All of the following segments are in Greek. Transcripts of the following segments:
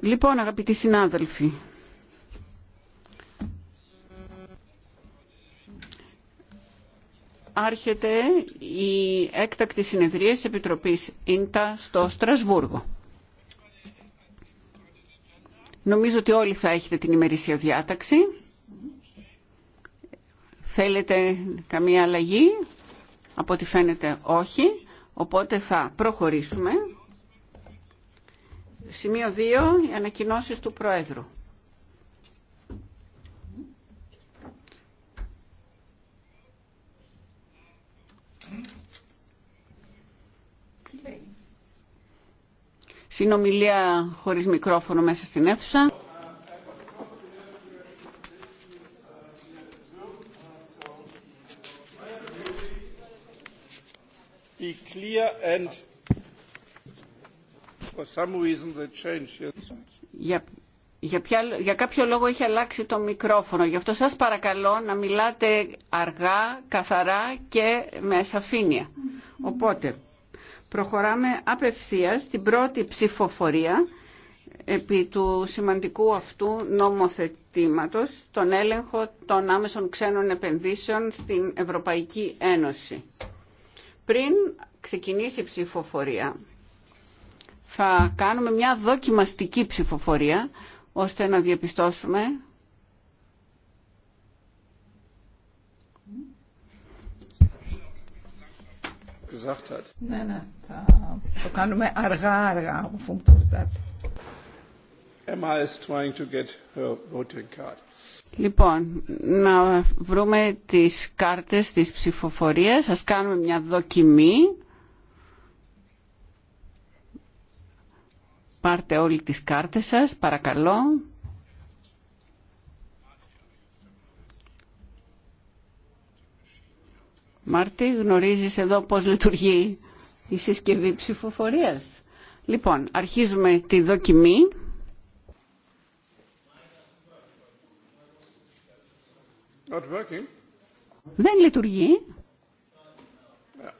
Λοιπόν, αγαπητοί συνάδελφοι, άρχεται η έκτακτη συνεδρία της Επιτροπής ΙΝΤΑ στο Στρασβούργο. Νομίζω ότι όλοι θα έχετε την ημερήσια διάταξη. Θέλετε καμία αλλαγή, από ό,τι φαίνεται όχι. Οπότε θα προχωρήσουμε. Σημείο 2, οι ανακοινώσει του Προέδρου. Συνομιλία χωρίς μικρόφωνο μέσα στην αίθουσα. clear and για, για κάποιο λόγο έχει αλλάξει το μικρόφωνο. Γι' αυτό σας παρακαλώ να μιλάτε αργά, καθαρά και με σαφήνεια. Οπότε, προχωράμε απευθείας στην πρώτη ψηφοφορία επί του σημαντικού αυτού νομοθετήματος τον έλεγχο των άμεσων ξένων επενδύσεων στην Ευρωπαϊκή Ένωση. Πριν ξεκινήσει η ψηφοφορία, θα κάνουμε μια δοκιμαστική ψηφοφορία, ώστε να διαπιστώσουμε Ναι, ναι, θα το κάνουμε αργά-αργά, αφού μου το ρωτάτε. Λοιπόν, να βρούμε τις κάρτες της ψηφοφορίας. Ας κάνουμε μια δοκιμή. Πάρτε όλοι τις κάρτες σας, παρακαλώ. Μάρτι, γνωρίζεις εδώ πώς λειτουργεί η συσκευή ψηφοφορίας. Λοιπόν, αρχίζουμε τη δοκιμή. Δεν λειτουργεί. Πέρα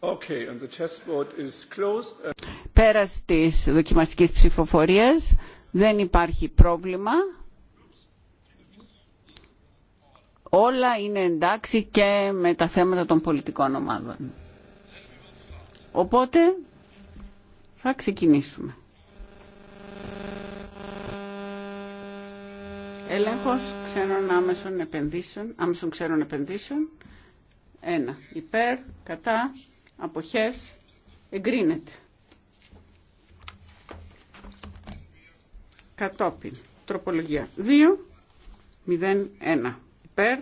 Okay, and the test Πέρας της δοκιμαστικής ψηφοφορίας δεν υπάρχει πρόβλημα. Όλα είναι εντάξει και με τα θέματα των πολιτικών ομάδων. Οπότε θα ξεκινήσουμε. Έλεγχος ξένων άμεσων επενδύσεων, ξένων επενδύσεων. 1. Υπέρ, κατά, αποχές, εγκρίνεται. Κατόπιν. Τροπολογία. 2, 0, 1. Υπέρ,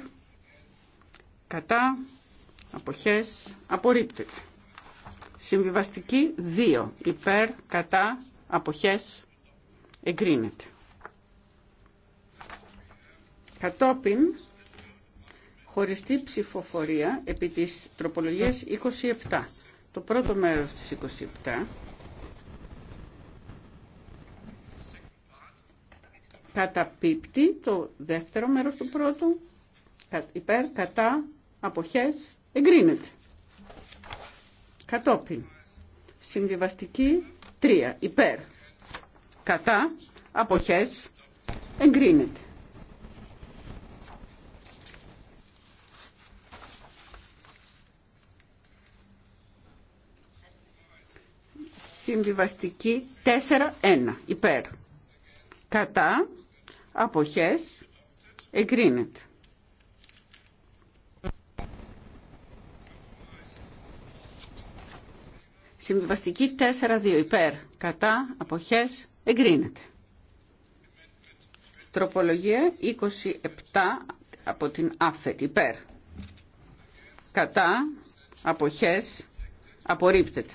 κατά, αποχές, απορρίπτεται. Συμβιβαστική 2. Υπέρ, κατά, αποχές, εγκρίνεται. Κατόπιν, χωριστή ψηφοφορία επί της τροπολογίας 27. Το πρώτο μέρος της 27 Καταπίπτη, το δεύτερο μέρος του πρώτου, υπέρ, κατά, αποχές, εγκρίνεται. Κατόπιν, συμβιβαστική 3, υπέρ, κατά, αποχές, εγκρίνεται. Συμβιβαστική 4-1, υπέρ, κατά, αποχές, εγκρίνεται. Συμβιβαστική 4-2 υπέρ. Κατά, αποχές, Εγκρίνεται. Τροπολογία 27 από την άφετη υπέρ. Κατά αποχές απορρίπτεται.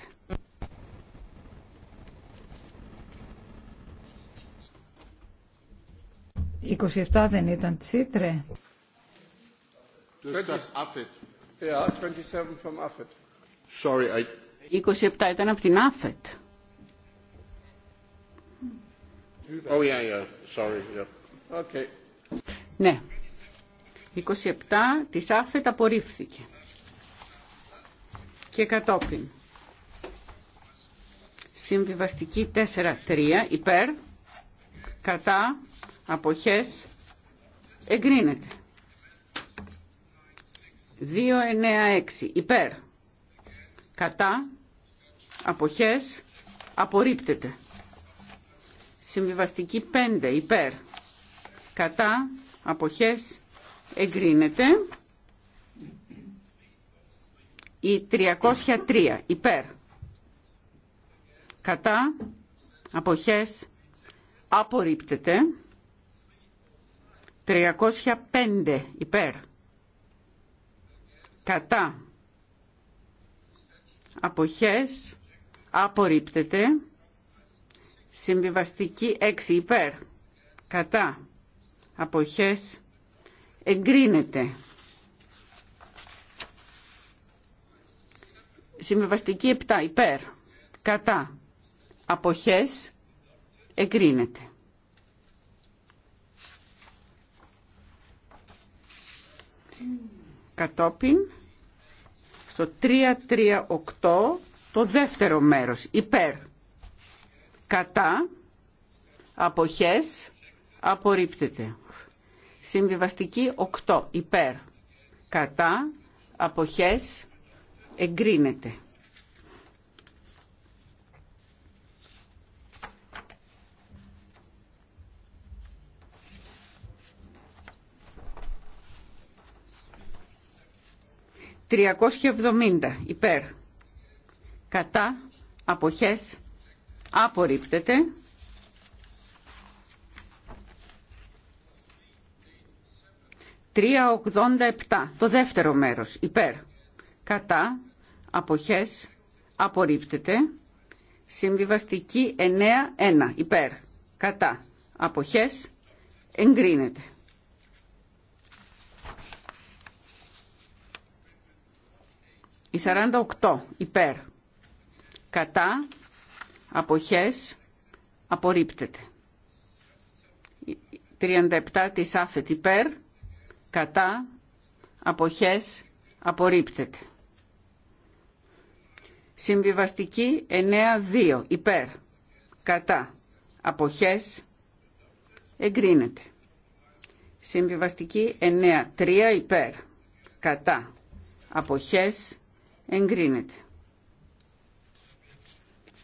27 δεν ήταν τσίτρε. 27 ήταν από την Άφετ. Oh, ναι. 27 της άφετα απορρίφθηκε. Και κατόπιν. Συμβιβαστική 4-3 υπέρ, κατά, αποχές, εγκρίνεται. 2-9-6 υπέρ, κατά, αποχές, απορρίπτεται. Συμβιβαστική 5 υπέρ. Κατά αποχές εγκρίνεται. Η 303 υπέρ. Κατά αποχές απορρίπτεται. 305 υπέρ. Κατά αποχές απορρίπτεται. Συμβιβαστική 6 υπέρ. Κατά. Αποχές. Εγκρίνεται. Συμβιβαστική 7 υπέρ. Κατά. Αποχές. Εγκρίνεται. Κατόπιν στο 338 το δεύτερο μέρος υπέρ κατά, αποχές, απορρίπτεται. Συμβιβαστική 8 υπέρ, κατά, αποχές, εγκρίνεται. «370 υπέρ, κατά, αποχές, Απορρίπτεται. Τρία το δεύτερο μέρος, υπέρ. Κατά, αποχές, απορρίπτεται. εννέα ένα. υπέρ. Κατά, αποχές, εγκρίνεται. Η 48 υπέρ. Κατά αποχές απορρίπτεται. 37 της άφετ υπέρ, κατά, αποχές απορρίπτεται. Συμβιβαστική 9-2 υπέρ, κατά, αποχές εγκρίνεται. Συμβιβαστική 9-3 υπέρ, κατά, αποχές εγκρίνεται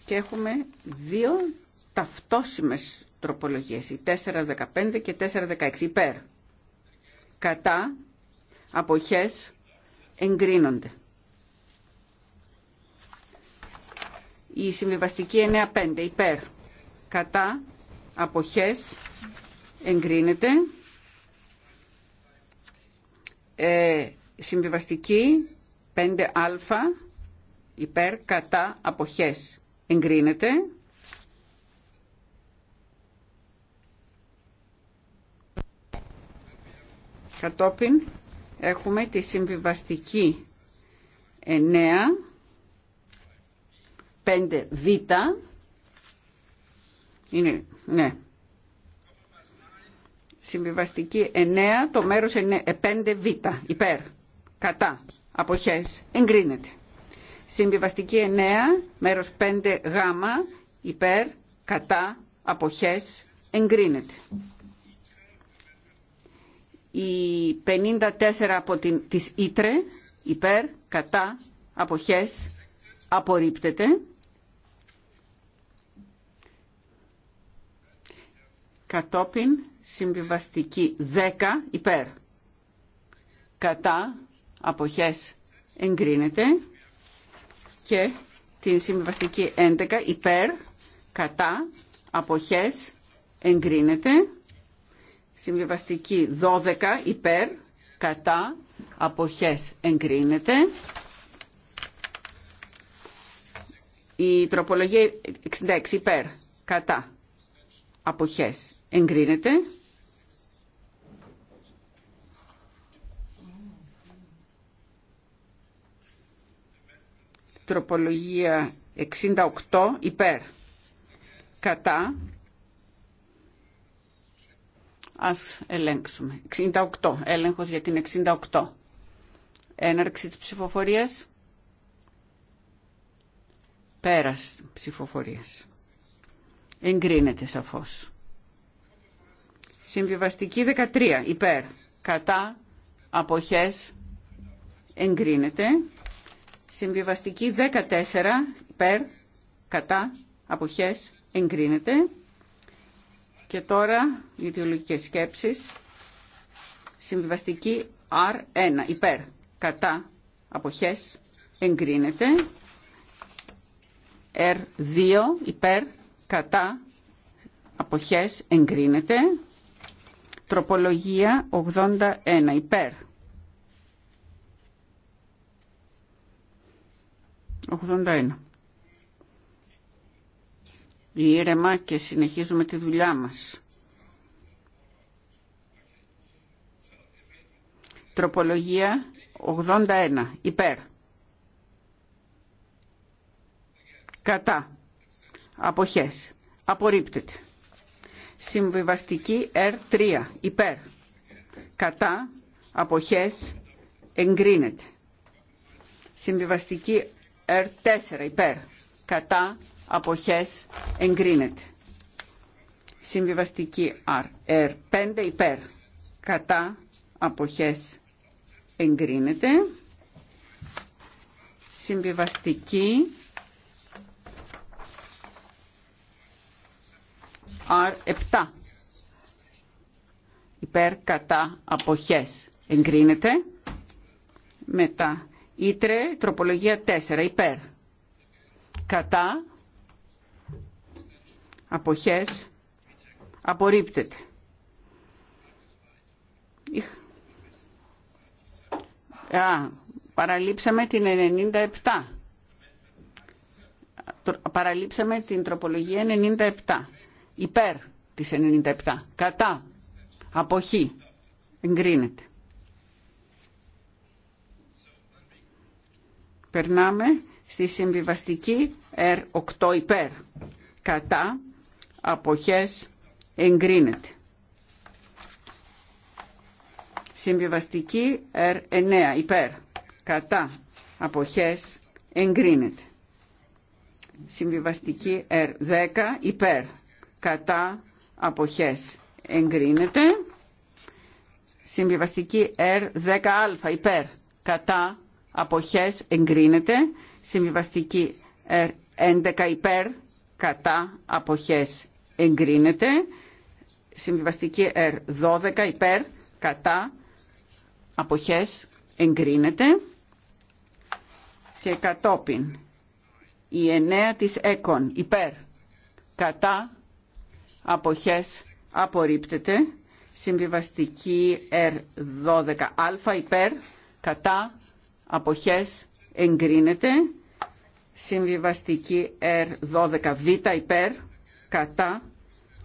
και έχουμε δύο ταυτόσιμες τροπολογίες, η 4.15 και 4.16 υπέρ. Κατά αποχές εγκρίνονται. Η συμβιβαστική 9-5 υπέρ. Κατά αποχές εγκρίνεται. Ε, συμβιβαστική 5α υπέρ κατά αποχές εγκρίνεται. Κατόπιν έχουμε τη συμβιβαστική 9, 5 β. Είναι, ναι. Συμβιβαστική 9, το μέρος 5 ε, β, υπέρ, κατά, αποχές, εγκρίνεται. Συμβιβαστική 9, μέρος 5 γάμα, υπέρ, κατά, αποχές, εγκρίνεται. Η 54 από την, της Ήτρε, υπέρ, κατά, αποχές, απορρίπτεται. Κατόπιν, συμβιβαστική 10, υπέρ, κατά, αποχές, εγκρίνεται και την συμβιβαστική 11 υπέρ, κατά, αποχές, εγκρίνεται. Συμβιβαστική 12 υπέρ, κατά, αποχές, εγκρίνεται. Η τροπολογία 66 υπέρ, κατά, αποχές, εγκρίνεται. Τροπολογία 68 υπέρ. Κατά. Ας ελέγξουμε. 68. Έλεγχος για την 68. Έναρξη της ψηφοφορίας. Πέρας ψηφοφορίας. Εγκρίνεται σαφώς. Συμβιβαστική 13. Υπέρ. Κατά. Αποχές. Εγκρίνεται. Συμβιβαστική 14 υπέρ, κατά, αποχές, εγκρίνεται. Και τώρα οι σκεψεις σκέψεις. Συμβιβαστική R1 υπέρ, κατά, αποχές, εγκρίνεται. R2 υπέρ, κατά, αποχές, εγκρίνεται. Τροπολογία 81 υπέρ, 81. Ήρεμα και συνεχίζουμε τη δουλειά μας. Τροπολογία 81. Υπέρ. Κατά. Αποχές. Απορρίπτεται. Συμβιβαστική R3. Υπέρ. Κατά. Αποχές. Εγκρίνεται. Συμβιβαστική R4 υπέρ κατά αποχές εγκρίνεται. Συμβιβαστική R, R5 υπέρ κατά αποχές εγκρίνεται. Συμβιβαστική R7 υπέρ κατά αποχές εγκρίνεται. Μετά Ήτρε, τροπολογία 4, υπέρ. Κατά, αποχές, απορρίπτεται. Α, παραλείψαμε την 97. Παραλείψαμε την τροπολογία 97. Υπέρ της 97. Κατά. Αποχή. Εγκρίνεται. Περνάμε στη συμβιβαστική R8 υπέρ. Κατά αποχές εγκρίνεται. Συμβιβαστική R9 υπέρ. Κατά αποχές εγκρίνεται. Συμβιβαστική R10 υπέρ. Κατά αποχές εγκρίνεται. Συμβιβαστική R10α υπέρ. Κατά αποχές εγκρίνεται. Συμβιβαστική R11 υπέρ κατά αποχές εγκρίνεται. Συμβιβαστική R12 υπέρ κατά αποχές εγκρίνεται. Και κατόπιν η 9 της ΕΚΟΝ υπέρ κατά αποχές απορρίπτεται. Συμβιβαστική R12α υπέρ κατά αποχές εγκρίνεται. Συμβιβαστική R12β υπέρ κατά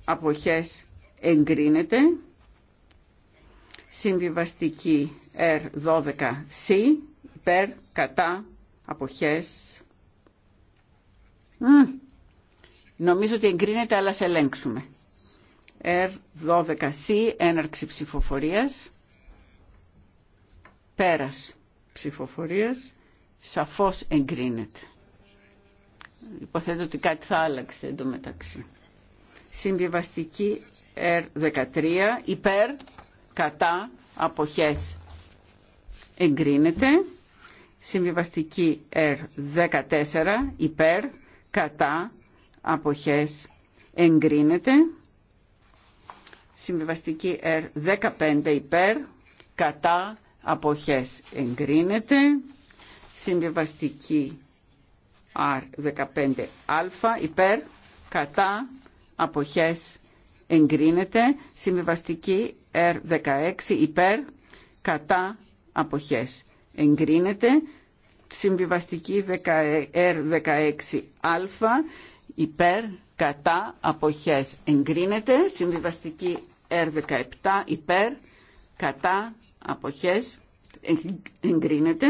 αποχές εγκρίνεται. Συμβιβαστική R12C υπέρ κατά αποχές. νομίζω ότι εγκρίνεται αλλά σε ελέγξουμε. R12C έναρξη ψηφοφορίας. Πέρας ψηφοφορίας σαφώς εγκρίνεται. Υποθέτω ότι κάτι θα άλλαξε εντωμεταξύ. Συμβιβαστική R13 υπέρ κατά αποχές εγκρίνεται. Συμβιβαστική R14 υπέρ κατά αποχές εγκρίνεται. Συμβιβαστική R15 υπέρ κατά αποχές εγκρίνεται. Συμβιβαστική R15α υπέρ κατά αποχές εγκρίνεται. Συμβιβαστική R16 υπέρ κατά αποχές εγκρίνεται. Συμβιβαστική R16α υπέρ κατά αποχές εγκρίνεται. Συμβιβαστική R17 υπέρ κατά αποχές εγκρίνεται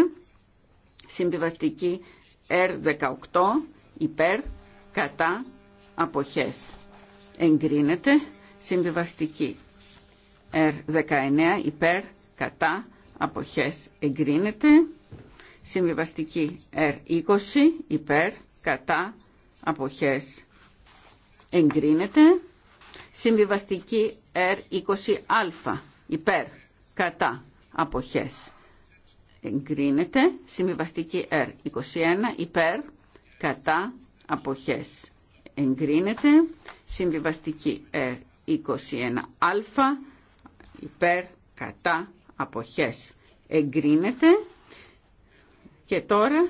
συμβιβαστική R18 υπέρ κατά αποχές εγκρίνεται συμβιβαστική R19 υπέρ κατά αποχές εγκρίνεται συμβιβαστική R20 υπέρ κατά αποχές εγκρίνεται συμβιβαστική R20α υπέρ κατά αποχές εγκρίνεται συμβιβαστική R 21 υπέρ κατά αποχές εγκρίνεται συμβιβαστική R 21α υπέρ κατά αποχές εγκρίνεται και τώρα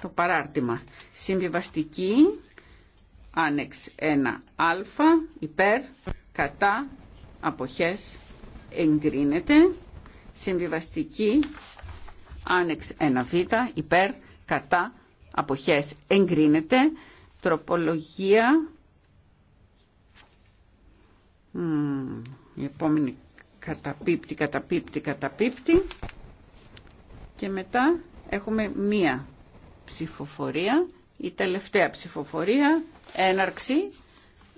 το παράρτημα συμβιβαστική άνεξ 1α υπέρ κατά αποχές εγκρίνεται. Συμβιβαστική άνεξ 1β υπέρ κατά αποχές εγκρίνεται. Τροπολογία η επόμενη καταπίπτει, καταπίπτει, καταπίπτει και μετά έχουμε μία ψηφοφορία, η τελευταία ψηφοφορία, έναρξη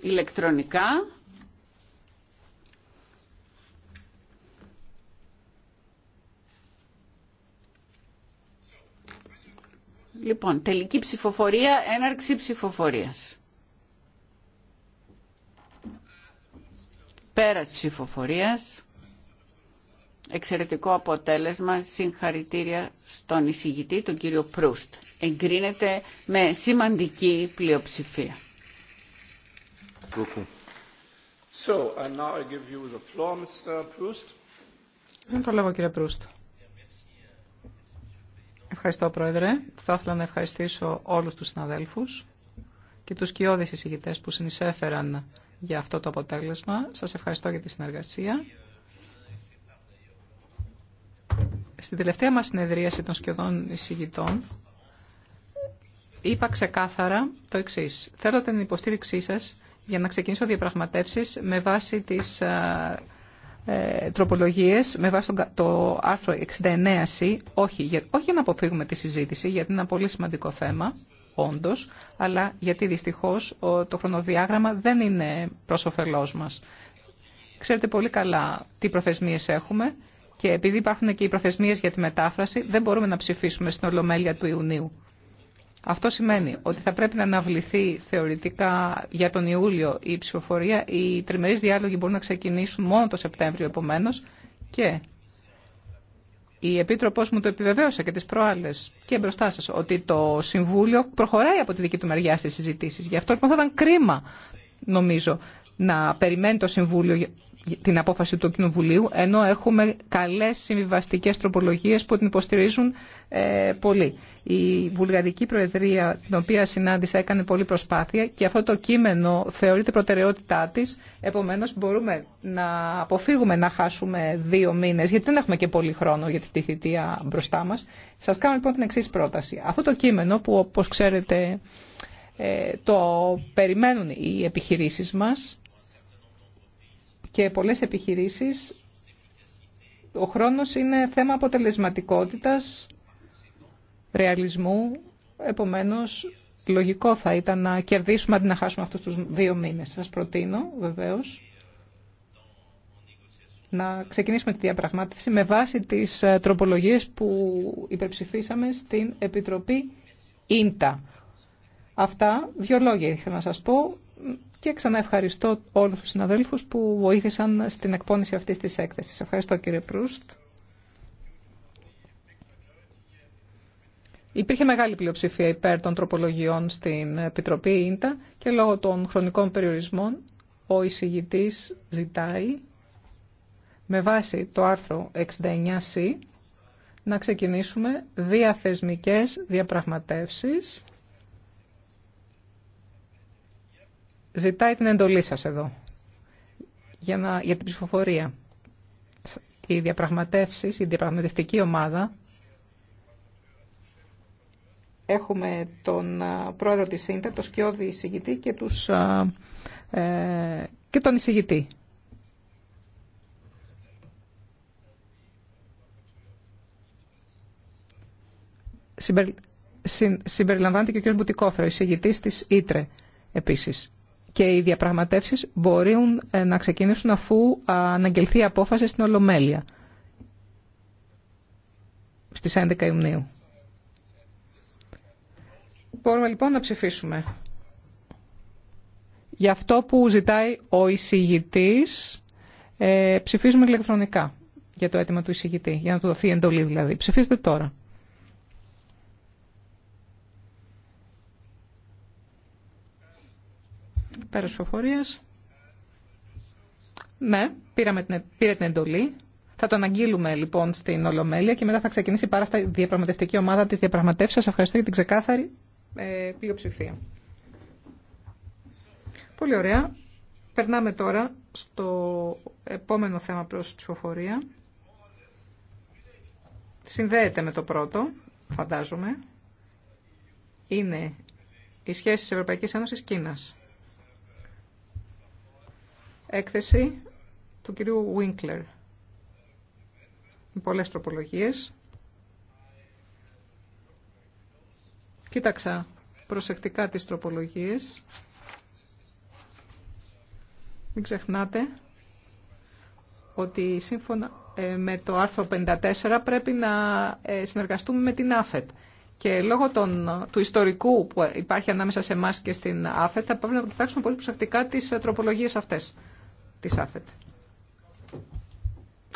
ηλεκτρονικά Λοιπόν, τελική ψηφοφορία, έναρξη ψηφοφορίας. Πέρας ψηφοφορίας. Εξαιρετικό αποτέλεσμα. Συγχαρητήρια στον εισηγητή, τον κύριο Προύστ. Εγκρίνεται με σημαντική πλειοψηφία. So, now I Προύστ. Ευχαριστώ, Πρόεδρε. Θα ήθελα να ευχαριστήσω όλους τους συναδέλφους και τους κοιόδης εισηγητές που συνεισέφεραν για αυτό το αποτέλεσμα. Σας ευχαριστώ για τη συνεργασία. Στην τελευταία μας συνεδρίαση των σκιωδών εισηγητών είπα ξεκάθαρα το εξή. Θέλω την υποστήριξή σας για να ξεκινήσω διαπραγματεύσεις με βάση τις ε, ε, τροπολογίες με βάση το άρθρο 69C, όχι, όχι να αποφύγουμε τη συζήτηση, γιατί είναι ένα πολύ σημαντικό θέμα, όντως, αλλά γιατί δυστυχώς το χρονοδιάγραμμα δεν είναι προς ωφελός μας. Ξέρετε πολύ καλά τι προθεσμίες έχουμε και επειδή υπάρχουν και οι προθεσμίες για τη μετάφραση, δεν μπορούμε να ψηφίσουμε στην Ολομέλεια του Ιουνίου. Αυτό σημαίνει ότι θα πρέπει να αναβληθεί θεωρητικά για τον Ιούλιο η ψηφοφορία. Οι τριμερείς διάλογοι μπορούν να ξεκινήσουν μόνο το Σεπτέμβριο επομένω και η Επίτροπος μου το επιβεβαίωσε και τις προάλλες και μπροστά σας ότι το Συμβούλιο προχωράει από τη δική του μεριά στις συζητήσεις. Γι' αυτό λοιπόν θα ήταν κρίμα νομίζω να περιμένει το Συμβούλιο την απόφαση του Κοινοβουλίου, ενώ έχουμε καλές συμβιβαστικέ τροπολογίες που την υποστηρίζουν ε, πολύ. Η Βουλγαρική Προεδρία, την οποία συνάντησα, έκανε πολλή προσπάθεια και αυτό το κείμενο θεωρείται προτεραιότητά της, επομένως μπορούμε να αποφύγουμε να χάσουμε δύο μήνες, γιατί δεν έχουμε και πολύ χρόνο για τη θητεία μπροστά μας. Σας κάνω λοιπόν την εξή πρόταση. Αυτό το κείμενο που όπως ξέρετε ε, το περιμένουν οι επιχειρήσεις μας, και πολλές επιχειρήσεις ο χρόνος είναι θέμα αποτελεσματικότητας, ρεαλισμού, επομένως λογικό θα ήταν να κερδίσουμε αντί να χάσουμε αυτούς τους δύο μήνες. Σας προτείνω βεβαίως να ξεκινήσουμε τη διαπραγμάτευση με βάση τις ε, τροπολογίες που υπερψηφίσαμε στην Επιτροπή Ίντα. Αυτά δύο λόγια ήθελα να σας πω και ξανά ευχαριστώ όλους τους συναδέλφους που βοήθησαν στην εκπόνηση αυτής της έκθεσης. Ευχαριστώ κύριε Προύστ. Υπήρχε μεγάλη πλειοψηφία υπέρ των τροπολογιών στην Επιτροπή Ίντα και λόγω των χρονικών περιορισμών ο εισηγητής ζητάει με βάση το άρθρο 69C να ξεκινήσουμε διαθεσμικές διαπραγματεύσεις ζητάει την εντολή σας εδώ για, να, για την ψηφοφορία. Οι διαπραγματεύσεις, η διαπραγματευτική ομάδα έχουμε τον πρόεδρο της ΣΥΝΤΑ, τον σκιώδη εισηγητή και, τους, ε, και τον εισηγητή. Συμπεριλαμβάνεται και ο κ. Μπουτικόφερο, εισηγητής της ΙΤΡΕ επίσης και οι διαπραγματεύσεις μπορούν ε, να ξεκινήσουν αφού αναγγελθεί η απόφαση στην Ολομέλεια στις 11 Ιουνίου. Μπορούμε λοιπόν να ψηφίσουμε. Για αυτό που ζητάει ο εισηγητής, ε, ψηφίζουμε ηλεκτρονικά για το αίτημα του εισηγητή, για να του δοθεί εντολή δηλαδή. Ψηφίστε τώρα. Πέρας ψηφοφορίας. Ναι, πήραμε την, πήρε την εντολή. Θα το αναγγείλουμε λοιπόν στην Ολομέλεια και μετά θα ξεκινήσει πάρα αυτά η διαπραγματευτική ομάδα της διαπραγματεύσεως. Σας ευχαριστώ για την ξεκάθαρη ε, πλειοψηφία. Πολύ ωραία. Περνάμε τώρα στο επόμενο θέμα προς ψηφοφορία. Συνδέεται με το πρώτο, φαντάζομαι. Είναι οι σχέσεις Ευρωπαϊκής Ένωσης-Κίνας έκθεση του κυρίου Winkler. Με πολλές τροπολογίες. Κοίταξα προσεκτικά τις τροπολογίες. Μην ξεχνάτε ότι σύμφωνα ε, με το άρθρο 54 πρέπει να ε, συνεργαστούμε με την ΑΦΕΤ. Και λόγω των, του ιστορικού που υπάρχει ανάμεσα σε εμά και στην ΑΦΕΤ θα πρέπει να κοιτάξουμε πολύ προσεκτικά τις ε, τροπολογίες αυτές της ΑΦΕΤ.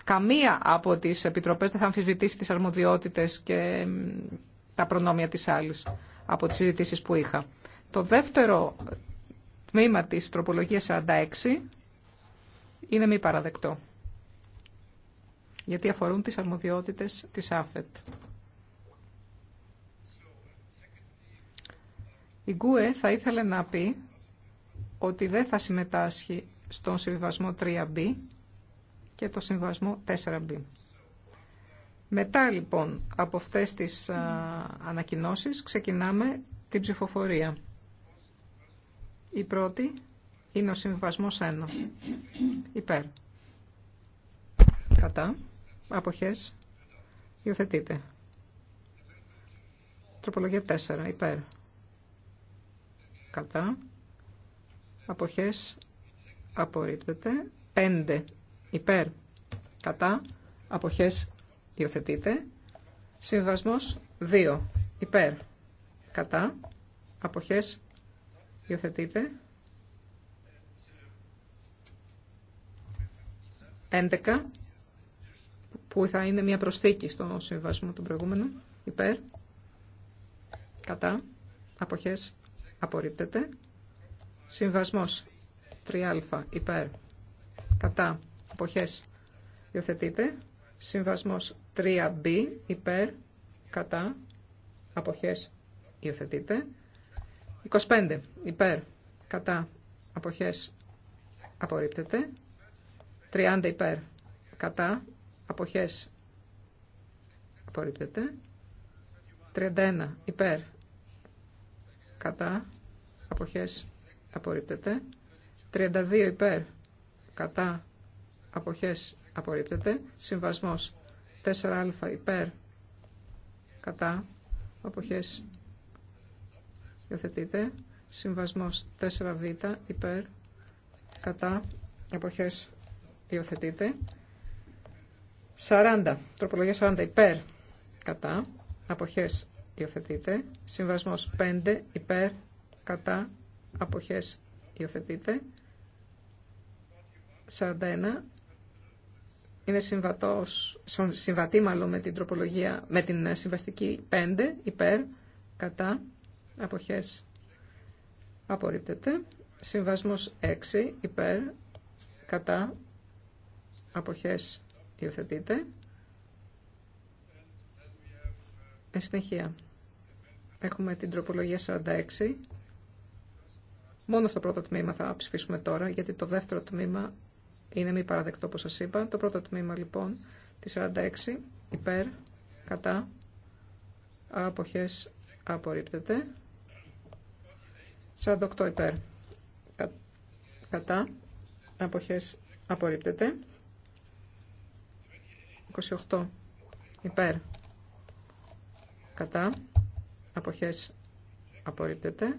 Καμία από τις επιτροπές δεν θα αμφισβητήσει τις αρμοδιότητες και τα προνόμια της άλλης από τις συζητήσει που είχα. Το δεύτερο τμήμα της τροπολογίας 46 είναι μη παραδεκτό. Γιατί αφορούν τις αρμοδιότητες της ΑΦΕΤ. Η Γκουε θα ήθελε να πει ότι δεν θα συμμετάσχει στον συμβιβασμό 3B και το συμβασμό 4B. Μετά λοιπόν από αυτέ τι ανακοινώσει ξεκινάμε την ψηφοφορία. Η πρώτη είναι ο συμβιβασμό ένα. Πέπ. Κατά. Αποχέ. Διοθετείται. Τροπολογία 4. Υπέρ. Κατά. Αποχές απορρίπτεται. 5 υπέρ κατά αποχές υιοθετείται. Συμβασμός 2 υπέρ κατά αποχές υιοθετείται. 11 που θα είναι μια προσθήκη στο συμβασμό του προηγούμενου υπέρ κατά αποχές απορρίπτεται. Συμβασμός 3α υπέρ κατά αποχές υιοθετείται. Συμβασμός 3b υπέρ κατά αποχές υιοθετείται. 25 υπέρ κατά αποχές απορρίπτεται. 30 υπέρ κατά αποχές απορρίπτεται. 31 υπέρ κατά αποχές απορρίπτεται. 32 υπέρ κατά αποχές απορρίπτεται. Συμβασμός 4α υπέρ κατά αποχές υιοθετείται. Συμβασμός 4β υπέρ κατά αποχές υιοθετείται. 40. Τροπολογία 40 υπέρ κατά αποχές υιοθετείται. Συμβασμός 5 υπέρ κατά αποχές υιοθετείται. 41 είναι συμβατός, συμβατή μάλλον με την τροπολογία, με την ε, συμβαστική 5 υπέρ, κατά, αποχές απορρίπτεται. Συμβασμός 6 υπέρ, κατά, αποχές υιοθετείται. Εν συνεχεία, έχουμε την τροπολογία 46. Μόνο στο πρώτο τμήμα θα ψηφίσουμε τώρα, γιατί το δεύτερο τμήμα είναι μη παραδεκτό όπως σας είπα. Το πρώτο τμήμα λοιπόν, τη 46, υπέρ, κατά, αποχές απορρίπτεται. 48 υπέρ, κατά, αποχές απορρίπτεται. 28 υπέρ, κατά, αποχές απορρίπτεται.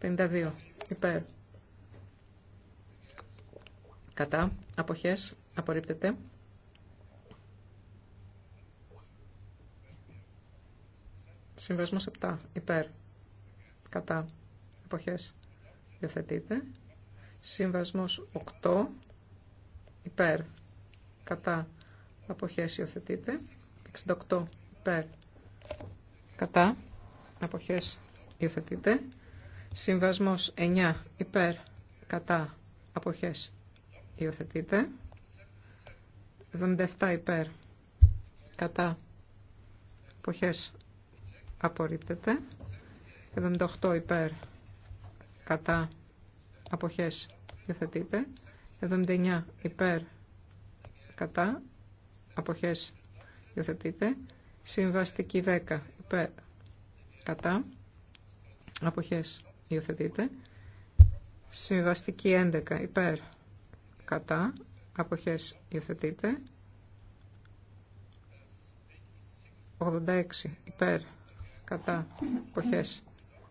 52 υπέρ. Κατά, αποχές, απορρίπτεται. 7. Υπέρ. Κατά. αποχές, Υιοθετείται. Συμβασμός 8. Υπέρ. Κατά. Αποχές υιοθετείται. 68. Υπέρ. Κατά. Αποχές υιοθετείται. Συμβασμός 9 υπέρ κατά αποχές υιοθετείται. 77 υπέρ κατά αποχές απορρίπτεται. 78 υπέρ κατά αποχές υιοθετείται. 79 υπέρ κατά αποχές υιοθετείται. Συμβαστική 10 υπέρ κατά αποχές υιοθετείται. Συμβαστική 11 υπέρ. Κατά. Αποχές. υιοθετείται. 86 υπέρ. Κατά. Αποχές.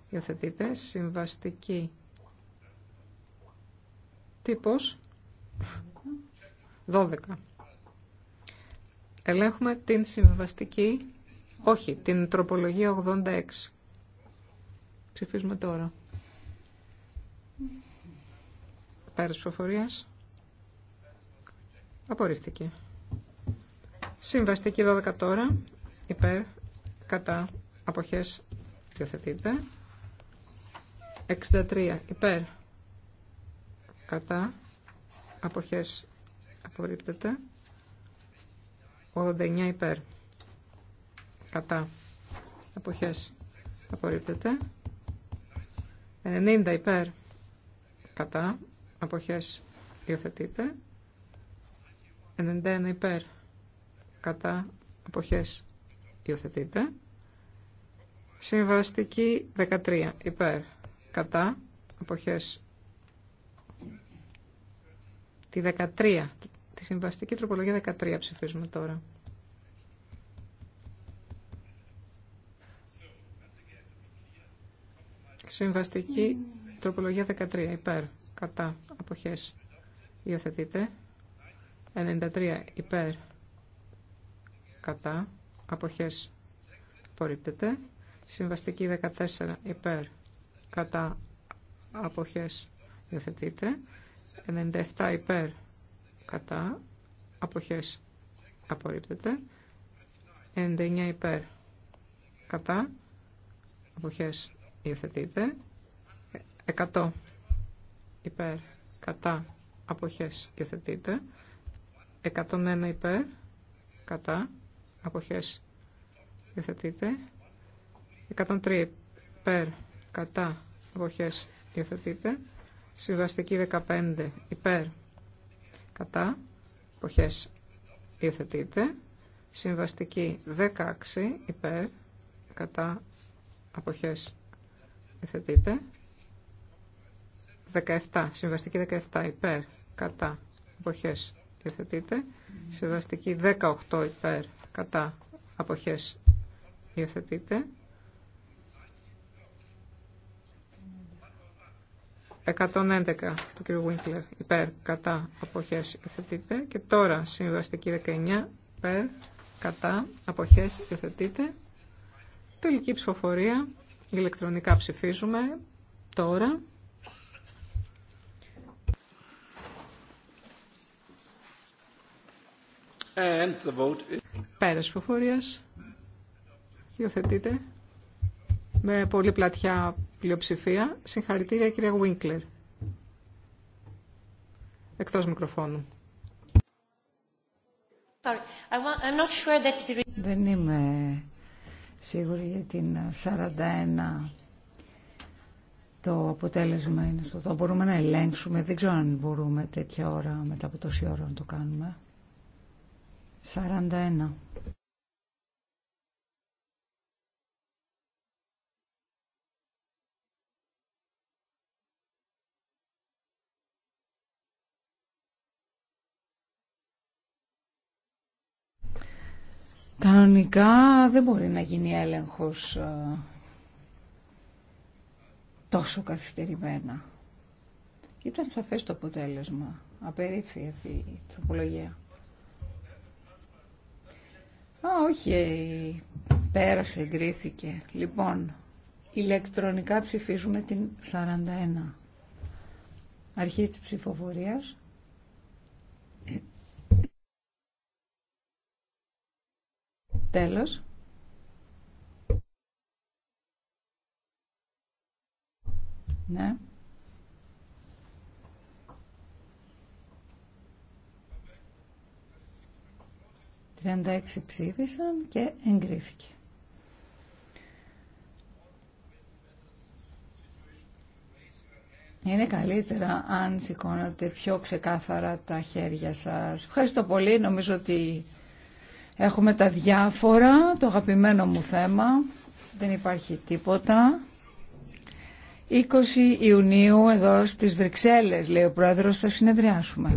υιοθετείται. Συμβαστική. Τύπος. 12. Ελέγχουμε την συμβαστική, όχι, την τροπολογία 86. Ψηφίζουμε τώρα της προφορίας. Απορρίφθηκε. Συμβαστική 12 τώρα. Υπέρ. Κατά. Αποχές. Διοθετείται. 63. Υπέρ. Κατά. Αποχές. Απορρίπτεται. 89 υπέρ. Κατά. Αποχές. Απορρίπτεται. 90 υπέρ κατά, αποχές υιοθετείται. 91 υπέρ, κατά, αποχές υιοθετείται. Συμβαστική 13 υπέρ, κατά, αποχές τη 13, τη συμβαστική τροπολογία 13 ψηφίζουμε τώρα. Συμβαστική Τροπολογία 13. Υπέρ. Κατά. Αποχές. Υιοθετείτε. 93. Υπέρ. Κατά. Αποχές. Απορρίπτεται. Συμβαστική 14. Υπέρ. Κατά. Αποχές. Υιοθετείτε. 97. Υπέρ. Κατά. Αποχές. Απορρίπτεται. 99. Υπέρ. Κατά. Αποχές. Υιοθετείτε. 100 υπέρ κατά αποχές υιοθετείται 101 υπέρ κατά αποχές υιοθετείται 103 υπέρ κατά αποχές υιοθετείται συμβαστική 15 υπέρ κατά αποχές υιοθετείται συμβαστική 16 υπέρ κατά αποχές υιοθετείται 17, συμβαστική 17 υπέρ, κατά, αποχές υιοθετείται. Συμβαστική 18 υπέρ, κατά, αποχές υιοθετείται. 111 του κ. Βίνκλερ υπέρ, κατά, αποχές υιοθετείται. Και τώρα συμβαστική 19 υπέρ, κατά, αποχές υιοθετείται. Τελική ψηφοφορία, ηλεκτρονικά ψηφίζουμε τώρα. Πέρας προφορίας. Υιοθετείτε. Με πολύ πλατιά πλειοψηφία. Συγχαρητήρια κυρία Βίνκλερ. Εκτός μικροφώνου. Δεν είμαι σίγουρη για την 41 το αποτέλεσμα είναι αυτό. Το μπορούμε να ελέγξουμε. Δεν ξέρω αν μπορούμε τέτοια ώρα μετά από τόση ώρα να το κάνουμε. 41. Κανονικά δεν μπορεί να γίνει έλεγχος ε, τόσο καθυστερημένα. Ήταν σαφές το αποτέλεσμα. Απερίφθη αυτή η τροπολογία. Α, όχι, πέρασε, εγκρίθηκε. Λοιπόν, ηλεκτρονικά ψηφίζουμε την 41. Αρχή της ψηφοφορίας. Τέλος. Ναι. 36 ψήφισαν και εγκρίθηκε. Είναι καλύτερα αν σηκώνατε πιο ξεκάθαρα τα χέρια σας. Ευχαριστώ πολύ. Νομίζω ότι έχουμε τα διάφορα, το αγαπημένο μου θέμα. Δεν υπάρχει τίποτα. 20 Ιουνίου εδώ στις Βρυξέλλες, λέει ο Πρόεδρος, θα συνεδριάσουμε.